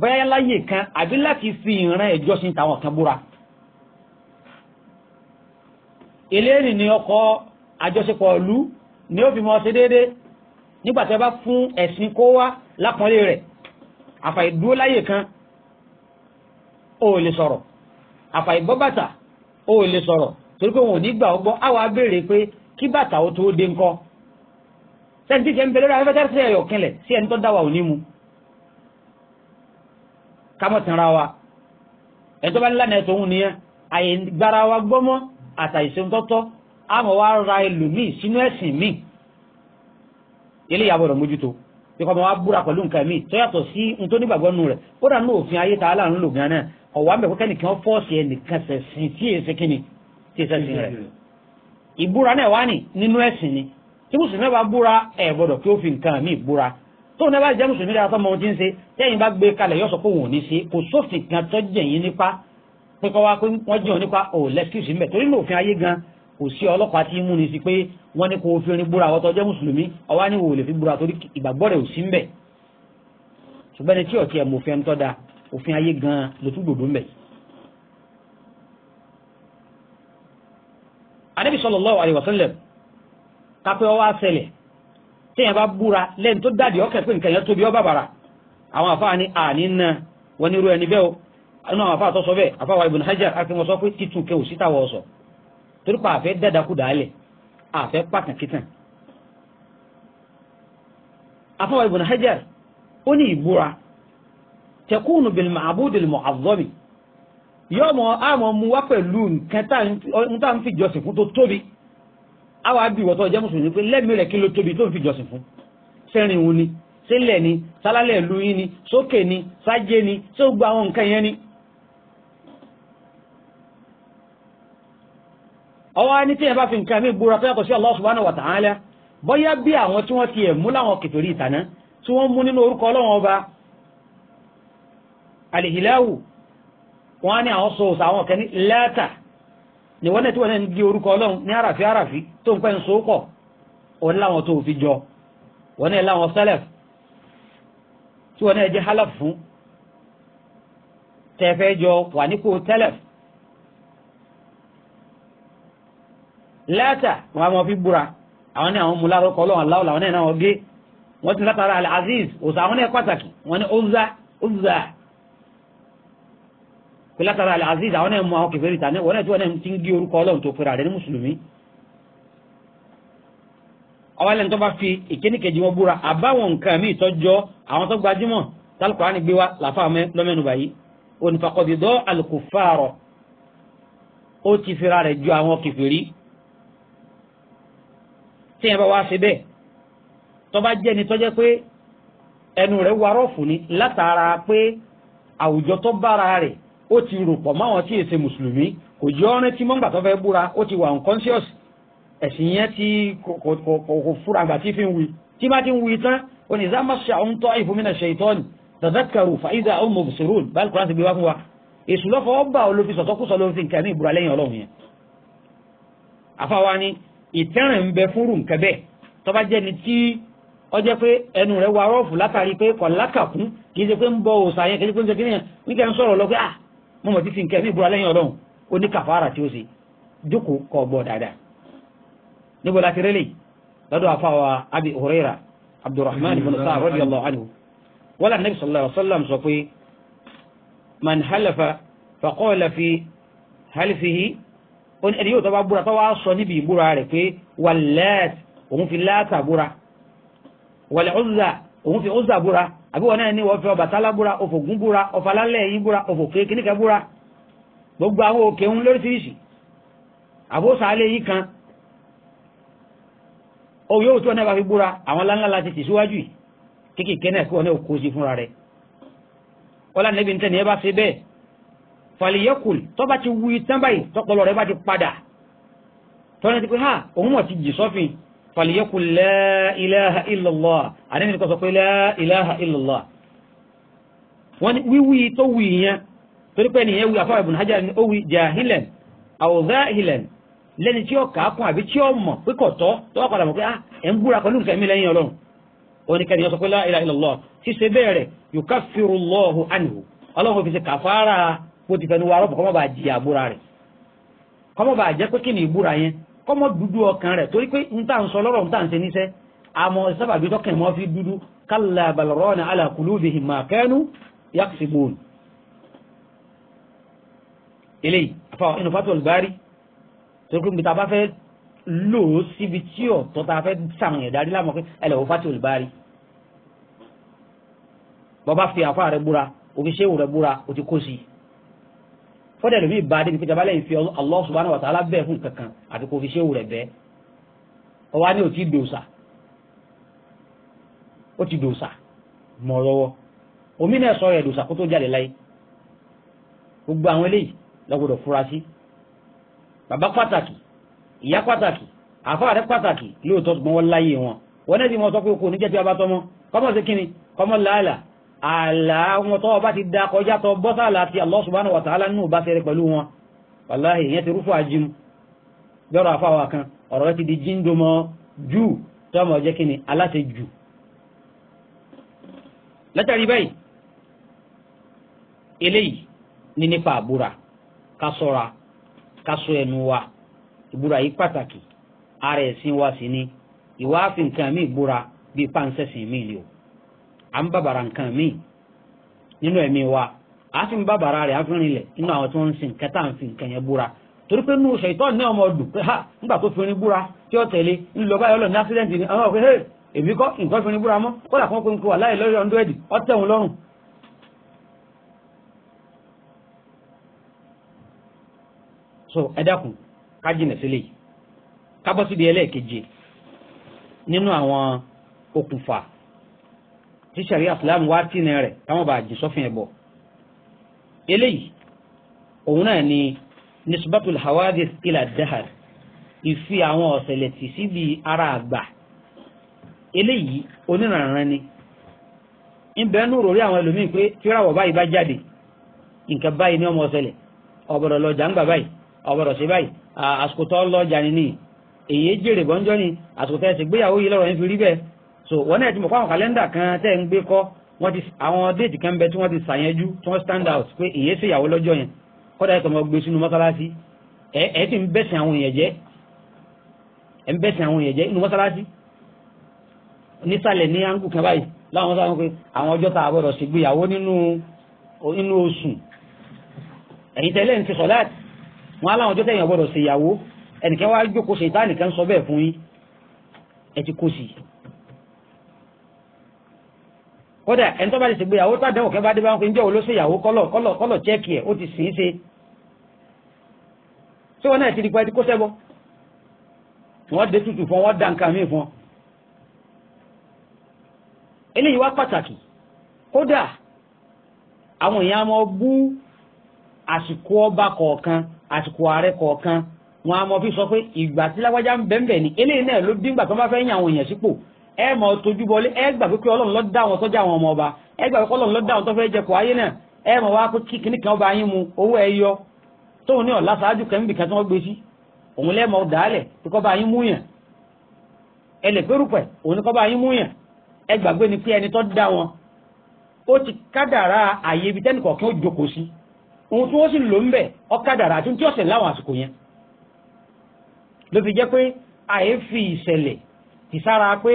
bóyá láyè kan àbí láti fi ìran ìjọsìn tàwọn kan búra eléyìí ni ọkọ̀ àjọṣepọ̀ ìlú ni ó fi mọ́ ṣe déédéé nígbà tí a bá fún ẹ̀sìn kó wá lápọ́nlé rẹ̀ àfàìdúró láyè kan ó lè sọ̀rọ̀ àfàìgbọ́ bàtà ó lè sọ̀rọ̀ torí pé wọn ò ní gbà ọgbọ́ àwa béèrè pé kí bàtà ó tó dé ńkọ́ sẹ́ni tí ṣe ń bẹ lórí afẹ́fẹ́ tẹ́lẹ̀ ẹ̀yọ̀ kẹlẹ̀ sí ẹni tó dáwà ò ní mu kámọ̀ tanra wa ẹ̀tọ́ bá lánà ẹ̀tọ́ òun nìyẹn àyè gbára wa gbọ́mọ́ àtàìsẹ́ tọ́tọ́ àmọ́ wa ra ẹlòmíì sínú ẹ̀sìn míì ilé ìyàwó rẹ̀ mójútó ikọ̀ ọmọ wa búra pẹ̀lú nǹkan míì tó yàtọ̀ sí n tó nígbàgbọ́ nù rẹ̀ ó dà ní òfin ayé tààlà ń lò gan náà ọ̀wá mẹ́kọ́ kẹ́nìkan fọ́ọ̀sì ẹnìkan sẹ̀sìn tí èsì kínni tí èsì ẹ̀sìn rẹ̀ ìbúra náà wá ní nínú ẹ̀sìn ni tí mùsùlùmí bá búra ẹ̀ gbọ́dọ̀ kí ó fi nǹkan míì búra tó ní bá jẹ́ mùsùlùmí dára tọ́mọ ohun tí ń ṣe tẹ́yìn bá gbé kalẹ̀ yóò sọ pé òun ò ní ṣe kò sófin kan tó jẹ̀yìn nípa pé kọ́ wá pé wọ́n jẹun nípa ò lẹ́kìsì mbẹ̀ torí lófin ayé gan kò sí ọlọ́pàá tí ń múni sí pé wọ́n ní kò fi orin búra àwọn tó mùsùlùmí ọwá ní wò lè fi búra torí ìgbàgbọ́ rẹ̀ ò sí mbẹ̀ ṣùgbọ́n ẹni tí ọ̀tí ẹ̀ mòfin ẹni tó wasallam kápẹ́ ọwọ́ téèyàn bá búra lẹ́yìn tó dàdí ọkàn pé nǹkan yẹn tóbi ọ bàbàrà àwọn àfáà ní àní na wọn ní irú ẹni bẹ́ẹ̀ o inú àwọn àfáà tó sọ bẹ́ẹ̀ àfáà wa Ibn Hajar àti wọn sọ pé títún kẹ òsítà wọ sọ torí pa àfẹ́ dàdàkúdà alẹ̀ àfẹ́ pàtàkìtàn àfáà wa Ibn Hajar ó ní ìbúra tẹkùnù bìlì màbúdìlì mọ̀ àzọ́mi yọmọ àmọ́ mu wá pẹ̀lú nǹkan tá à jọ́sìn fún tó tóbi àwọn abìwọ̀tọ̀ jẹ́ mùsùlùmí pé lẹ́mí rẹ̀ kí ló tóbi tó ń fi jọsìn fún sẹ́rin òun ni sílẹ̀ ni sálálẹ̀ ìlú yín ni sókè ni sájé ni tí ó gba àwọn nǹkan yẹn ni. ọwọ́ ẹni tí yẹn bá fi nǹkan mi búra fẹ́ kọ̀ sí Allah subhanahu wa ta'ala bóyá bí àwọn tí wọ́n ti ẹ̀ mú láwọn kèfèrí ìtàná tí wọ́n mú nínú orúkọ ọlọ́wọ́n ọba alihilawu wọn ni àwọn sọ àwọn kẹni lẹ́tà ni wọ́n lẹ̀ tí wọ́n ń gé orúkọ ọlọ́run ní àràfí àràfí tó ń pẹ́ ń so pọ̀ wọ́n láwọn tó fi jọ wọ́n náà láwọn sẹ́lẹ̀f tí wọ́n náà jẹ́ hálàf fún tẹ́fẹ́ jọ wà nípò tẹ́lẹ̀f lẹ́tà wọn a mọ̀ fi búra àwọn ní àwọn mú lárúkọ ọlọ́run aláwọ̀ làwọn náà náà gé wọ́n ti látara aziz òsà àwọn náà pàtàkì wọ́n ní uzza uzza látara aziz àwọn ẹ̀mọ́ àwọn kèfèrí tà wọ́n ẹ̀ tí wọ́n ẹ̀ ti ń gé orúkọ ọlọ́run tó fẹ́ra rẹ̀ ní mùsùlùmí ọwọ́ ẹlẹ́ni tó bá fi ìkíníkejì wọn búra àbáwọn nǹkan míì tọ́jọ́ àwọn tó gbajúmọ̀ tálùkọ́ ní gbé wa làfà lọ́mẹ́nu báyìí onífàkọ́dìdọ́ alùkùfààrọ̀ ó ti fira rẹ̀ ju àwọn kèfèrí tí yẹn bá wá ṣe bẹ́ẹ̀ tó bá jẹ́ni tó jẹ́ pé ẹnu rẹ̀ warọ́ọ̀fù ni látara pé àwùjọ tó bára rẹ̀ ó ti rò pọ̀ máwọn tí èsè mùsùlùmí kò jẹ́ ọ̀rẹ́ tí mọ́ngbà tó fẹ́ búra ó ti wà unconscious ẹ̀sìn yẹn ti kò fúra àgbà tí fi ń wi tí bá ti ń wi tán ó ní zá máṣe àwọn tọ́ ìfúnmínà ṣe ìtọ́ni tazakaru fàídà àwọn mọ̀bùsùrùn bá kúrán ti gbé wá fún wa èsù lọ́fọ̀ọ́ bá olófin sọ̀tọ́kùsọ lófin kẹ́mí ìbúra lẹ́yìn ọlọ́run yẹn àfáwa ni ìtẹ́rìn ń bẹ fúrú nǹkan bẹ́ẹ̀ tó jẹ́ ni tí ó jẹ́ pé ẹnu rẹ̀ wà rọ́ọ̀fù látàrí pé kọ̀ lákàkún kì í ṣe pé ń bọ òòsà yẹn kì í ṣe pé ń ṣe kí mo mọ̀ títí nǹkan mi ìbúra lẹ́yìn ọlọ́run ó ní kàfàrà tí ó ṣe jókòó kọ́ gbọ́ dáadáa níbo láti rẹ́lẹ̀ lọ́dọ̀ àfàwà abi huraira abdulrahman ibn sa'ad radiyallahu anhu wala nabi sallallahu alaihi wasallam sọ pé man halafa faqala fi halifihi ó ní ẹni yóò tó bá búra tó wá sọ níbi ìbúra rẹ̀ pé wàlẹ́ẹ̀t òun fi láàtà búra wal uzza òun fi ọ̀sà búra àbí wọn náà ní wọ́n fi Ọbàtálá búra òfògùn búra ọ̀fàlálẹ̀ yìí búra òfòkè kìnìkan búra gbogbo àwọn òkè ń lóríṣiríṣi àbóṣàlẹ̀ yìí kan òun yóò tó náà bá fi búra àwọn láńlá láti tì síwájú yìí kíkì kẹ́nẹ̀ kí wọn náà kó sí fúnra rẹ̀ ọlá níbi níta ni bá ṣe bẹ́ẹ̀ fàlìyẹ́kùl tó ti wu itán báyìí tọ́pọ̀lọ́ rẹ̀ bá ti padà tọ́ni ti pé ha òun mọ̀ ti jì sọ́fin fàlìyẹ́kù la ilaha illallah àníbi nìkan sọ pé la ilaha illallah wọ́n ní wíwí tó wí yẹn torí pé nìyẹn wí àfáà Ibn Hajar ní ó wí jahilan aw zahilan lẹ́ni tí ó kà á kún àbí tí ó mọ̀ pé kò tọ́ tó wàkọ̀dà mọ̀ pé ah ẹ̀ ń búra pẹ̀lú nǹkan mi lẹ́yìn ọlọ́run ó ní kẹ́ni yẹn sọ pé la ilaha illallah ṣíṣe bẹ́ẹ̀rẹ̀ yukaffiru Allahu anhu ọlọ́run fi ṣe kọ́mọ dúdú ọkàn rẹ̀ torí pé n tà ń sọ lọ́rọ̀ n tà ń ṣe níṣẹ́ àmọ́ sábàbí tọkàn mọ́ fi dúdú kálá balọ̀rọ̀ ní ala kulubihim ma kanu yaksibun. eléyìí afa inú fatwa al-bari torí pé nbita bá fẹ́ lò ó síbi tí ọ̀tọ́ ta fẹ́ sàmìyàn darí lámọ̀ pé ẹ lẹ́wọ̀ fatwa al bọ́ bá fi àfa rẹ̀ búra òfin ṣéwù rẹ̀ búra ó ti kó sí i kọ́dẹ̀ lómi ìbàdí nípa ìjọba lẹ́yìn fi Allah subhanahu wa ta'ala bẹ́ẹ̀ fún kankan àti kò fi ṣé wù rẹ̀ bẹ́ẹ̀ ọwọ́ á ní òtí dòòsà ó ti dòòsà mọ̀ lọ́wọ́ omi náà sọ rẹ̀ dòòsà kó tó jáde láyé gbogbo àwọn eléyìí lọ́gbọ́dọ̀ fura sí bàbá pàtàkì ìyá pàtàkì àfáà pàtàkì lóòótọ́ gbọ́n wọ́n láyé wọn wọ́n náà àlà wọn tó ọba ti da kọjá tó bọ́sà láti Allah subhanahu wa ta'ala nínú bá sẹ́rẹ̀ pẹ̀lú wọn wàláhì ìyẹn ti rúfò àjínú bẹ́rọ àfáwà kan ọ̀rọ̀ rẹ ti di jíndòmọ́ jù tọ́mọ̀ jẹ́ kí ni aláṣẹ jù látàrí báyìí eléyìí ní nípa àbúra ká ṣọ́ra ẹnu wa ìbúra yìí pàtàkì ara ẹ̀sìn wa sì ni ìwà àfi mi ìbúra bíi páńsẹ̀sìn mi ni o. à ń bàbàrà nǹkan nínú ẹ̀mí wa a sì ń babara rẹ̀ afínrin lẹ̀ nínú àwọn tí wọ́n ń sin nǹkan ń fi nǹkan búra torí pé nínú ọmọ ọdún pé ha nígbà tó fi orin búra tí ó tẹ̀lé ńlọ báyọ̀ lọ ní accident ni àwọn ọ̀pẹ èmi kọ́ nǹkan fi orin búra mọ́ kódà kí wà so ẹ dákun ká jìnà tí sàríà islam wá tìǹà rẹ̀ káwọn bá jìn sọ́fìn ẹ̀bọ̀ eléyìí òun náà ni nisbatul hawadith ila dahar ìfi àwọn ọ̀sẹ̀lẹ̀ tì síbi ara àgbà eléyìí oníranran ni ìbẹ́nu rọrí àwọn ẹlòmíì pé fíráwọ̀ báyìí bá jáde nǹkan báyìí ní ọmọ ọ̀sẹ̀lẹ̀ ọ̀bọ̀dọ̀ lọ́jà ń gbà báyìí ọ̀bọ̀dọ̀ sí báyìí àsìkò tó lọ́jà ni nìyí èyí jèrè bọ́njọ́ ni àsìkò tẹ́ ẹ gbéyàwó yìí lọ́rọ̀ yẹn fi rí bẹ́ẹ̀ so wọn náà ti mọ̀ pé àwọn kàlẹ́ndà kan tẹ́ ń gbé kọ́ wọ́n ti àwọn déètì kan bẹ tí wọ́n ti ṣàyẹnjú tí wọ́n stand out pé èyí ṣe ìyàwó lọ́jọ́ yẹn kọ́dà ẹ̀kọ́ mọ́ gbé sínú mọ́sálásí ẹ̀ ẹ̀ sì ń bẹ̀sìn àwọn èèyàn jẹ́ ẹ̀ ń bẹ̀sìn àwọn èèyàn jẹ́ inú mọ́sálásí nísàlẹ̀ ní áńgù kan báyìí láwọn sáwọn pé àwọn ọjọ́ tá a gbọ́dọ̀ sí gbéyàwó nínú oṣù ẹ̀yin tẹ́lẹ̀ ń ti sọ láti wọn aláwọn ọjọ́ tẹ̀yìn ọgbọ́dọ̀ sí ìyàwó ẹnìkan wá jókòó ṣètá nìkan sọ bẹ́ẹ̀ fún yín ẹ ti kó sí i kódà ẹni tó bá ti ṣègbéyàwó tó àdánwò kẹfà dé bá ń pè ń jẹ́ olóṣèyàwó kọ́lọ̀ kọ́lọ̀ kọ́lọ̀ ẹ̀ ti tí wọ́n náà ti di pa ẹtí kó wọ́n dé tutù fún wọ́n dá nǹkan míì fún eléyìí wá pàtàkì kódà a mọ fi sọ pé ìgbà tí lágbájá ń bẹ́ẹ̀ bẹ́ẹ̀ ni eléyìí náà ló ẹ mọ̀ tójú bọlé ẹ gbà pé ọlọ́run ló dá àwọn sọ́jà àwọn ọmọ ọba ẹ gbà pé ọlọ́run ló dá àwọn tó fẹ́ jẹkọ̀ọ́ ayé náà ẹ mọ̀ wá pé kíkíní kan ọba yín mu owó ẹ yọ tóun ní ọ̀la ṣáájú kẹ́míbì kan tí wọ́n gbé sí òun lẹ́mọ̀ dàálẹ̀ tó kọ́ba yín múyàn ẹ lè fẹ́rùpẹ̀ òun ní kọ́ba yín múyàn ẹ gbàgbé ni pé ẹni tó dá wọn ó ti kádàrá àyè ibi tẹ́nìkọ̀ọ́kẹ́ ó jókòó àyè fi ìṣẹ̀lẹ̀ tìsára pé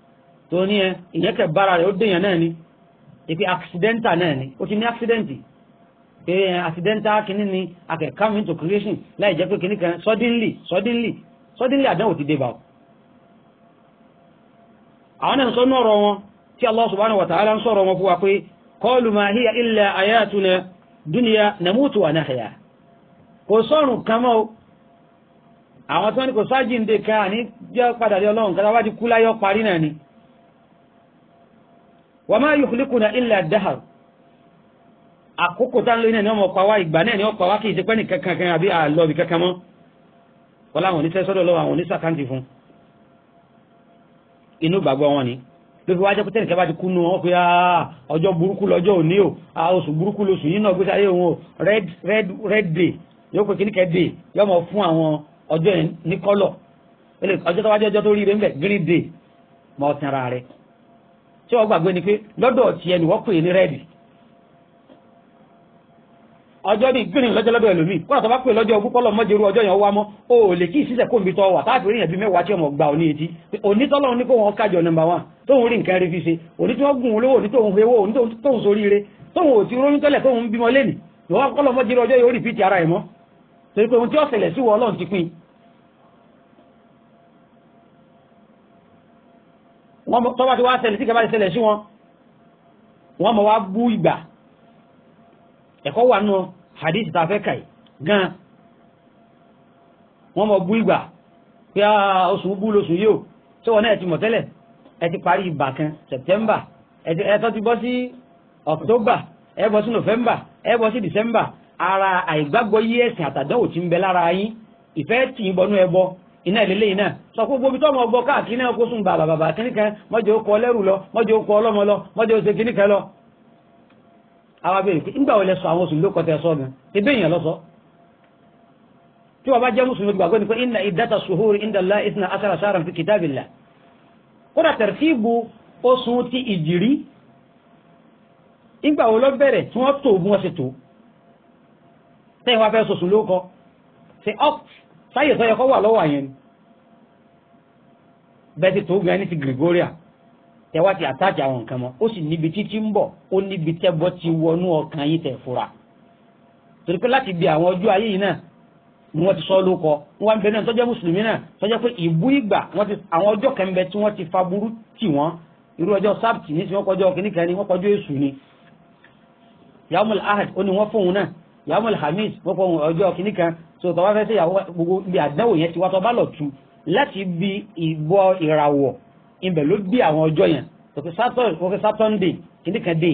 tó ní ẹ ìyẹn kẹ bára rẹ̀ ó dèèyàn náà ni ìpè accidental náà ni ó ti ní accidenti pé accidental kìíní ni a kẹ̀ come into creation láì jẹ́ pé kìíní kan suddenly suddenly suddenly àdánwò ti dé bá o àwọn náà sọ náà rọ wọn tí Allah subhanahu wa ta'ala ń sọ̀rọ̀ wọn fún wa pé qalu ma hiya illa ayatuna dunya namutu wa nahya kò sọ́run kan o àwọn tí wọ́n ní kò a kú láyọ̀ parí náà ni wa ma yukhliquna illa dahar àkókò tá ń lóyún náà ni wọ́n mọ̀ pa wá ìgbà náà ni wọ́n pa wá kì í ṣe pẹ́ nìkan kankan àbí àlọ́bì kankan mọ́ wọ́n láwọn oníṣẹ́ sọ́dọ̀ lọ́wọ́ àwọn oníṣàkáǹtì fún inú gbàgbọ́ wọn ni ló fi wá jẹ́ pé tẹ́nìkan bá ti kú nu wọn pé ọjọ́ burúkú lọ́jọ́ òní o oṣù burúkú lóṣù yìí náà gbéṣẹ́ ayé wọn o red red red day yóò pè kíníkẹ́ day yóò mọ̀ fún àwọn ọjọ́ yẹn ní kọ́lọ̀ ọjọ́ tó wájú ọjọ́ tó rí rẹ̀ green day mọ̀ ọ́ tẹ́ra rẹ̀ tí wọ́n gbàgbé ni pé lọ́dọ̀ tiẹ̀ ni wọ́n pè ní rẹ́ẹ̀dì ọjọ́ bíi green lọ́jọ́ lọ́dọ̀ ẹlòmíì kọ́nà tó bá pè lọ́jọ́ ogún kọ́lọ́ mọ́jẹ́rú ọjọ́ yẹn wá mọ́ o ò lè kí ìsísẹ̀ kó nbí tọ́ wà táàbí ríyàn bíi mẹ́wàá tí ọmọ gbà òní etí onítọ́lọ́ ní kó wọn kájọ nọ́mbà wán tóun rí nǹkan rí fi ṣe òní tí wọ́n gùn olówó òní tóun hewó òní tóun ire tóun ò ti ronú tẹ́lẹ̀ tóun bímọ ara wọ́n tọ́bá ti wá ṣẹlẹ̀ sí kẹbàá ṣẹlẹ̀ sí wọn wọ́n mọ̀ wá bú ìgbà ẹ̀kọ́ wà nù hadith tá fẹ́ kàì gan wọ́n mọ̀ bú ìgbà pé ah, oṣù bú lóṣù yóò tí wọ́n náà ti mọ̀ tẹ́lẹ̀ ẹ ti parí ìgbà kan september ẹ̀tọ́ ti bọ́ sí october ẹ bọ́ sí november ẹ bọ́ sí december ara àìgbàgbọ́ yí ẹ̀sìn àtàdánwò ti ń bẹ lára yín ìfẹ́ tì í bọnú ẹbọ iná ìlélẹ́ iná sọ pé gbogbo ọmọ ọgbọ́ káàkiri náà kó sùn bàbà bàbà kìnìkan mọ́jọ́ lọ mọ́jọ́ kọ ọlọ́mọ lọ mọ́jọ́ ṣe kìnìkan lọ. àwa bẹ̀rẹ̀ pé ńgbà wo sọ àwọn sọ gan ebe èèyàn lọ sọ. tí wọ́n bá jẹ́ mùsùlùmí ni pé suhuri fi kódà ti ìjìrí ńgbà bẹ̀rẹ̀ tí wọ́n tó tó sáyè tó yẹ kó wà lọ́wọ́ àyẹn ni bẹ́ẹ̀ ti tó gan ní ti Gregorian tẹwà ti àtàkì àwọn nǹkan mọ ó sì níbi títí ń bọ̀ ó níbi tẹ́bọ́ ti wọnú ọkàn yìí tẹ̀ fura torí pé láti bi àwọn ọjọ́ ayé yìí náà ni wọ́n ti sọ lóko wọ́n bẹ náà tọ́jọ́ mùsùlùmí náà tọ́jọ́ pé ìbú ìgbà wọ́n ti àwọn ọjọ́ kan bẹ tí wọ́n ti fa burú tì wọ́n irú ọjọ́ sábtì ní sí wọ́n kọjọ́ kìnnìkan ni wọ́n kọjọ́ èṣù ni yàmùl ahad ó ní wọ́n fóun náà yàwó alhamis wọ́n kọ́ ọjọ́ kìíní kan so tọ́ bá fẹ́ sí yàwó gbogbo ibi àdánwò yẹn ti wá tọ́ bá lọ tu láti ibi ìbọ ìràwọ̀ ibẹ̀ ló bí àwọn ọjọ́ yẹn wọ́n fẹ́ sátọ́ndé kìíní kan dé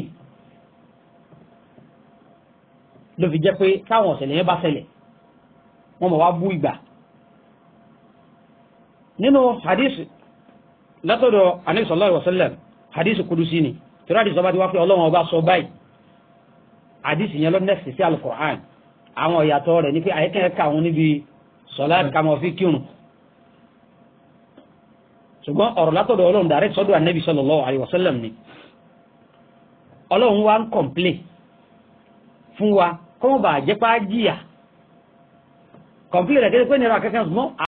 ló fi jẹ́ pé táwọn ọ̀sẹ̀lẹ̀ yẹn bá ṣẹlẹ̀ wọ́n mọ̀ wá bú ìgbà nínú hadith látọ̀dọ̀ anabi sallallahu alaihi wasallam hadith kudusi ni tí wọ́n hadith sọ bá ti wá pé ọlọ́run ọba sọ báyìí àdìsí yẹn ló nẹ́sì sí alukur'an àwọn ìyàtọ̀ rẹ̀ ní pé àyíkẹ́ ẹ̀ka àwọn níbi sọlá kàmọ́ fi kírun ṣùgbọ́n ọ̀rọ̀ látọ̀dọ̀ ọlọ́run dàrẹ́ sọ́dọ̀ ànábì sallallahu alaihi wasallam ni ọlọ́run wa ń kọ̀m̀plé fún wa kọ́mọ̀bà jẹ́pá jìyà kọ̀m̀plé rẹ̀ kéré pé nira kẹ́kẹ́ ṣùgbọ́n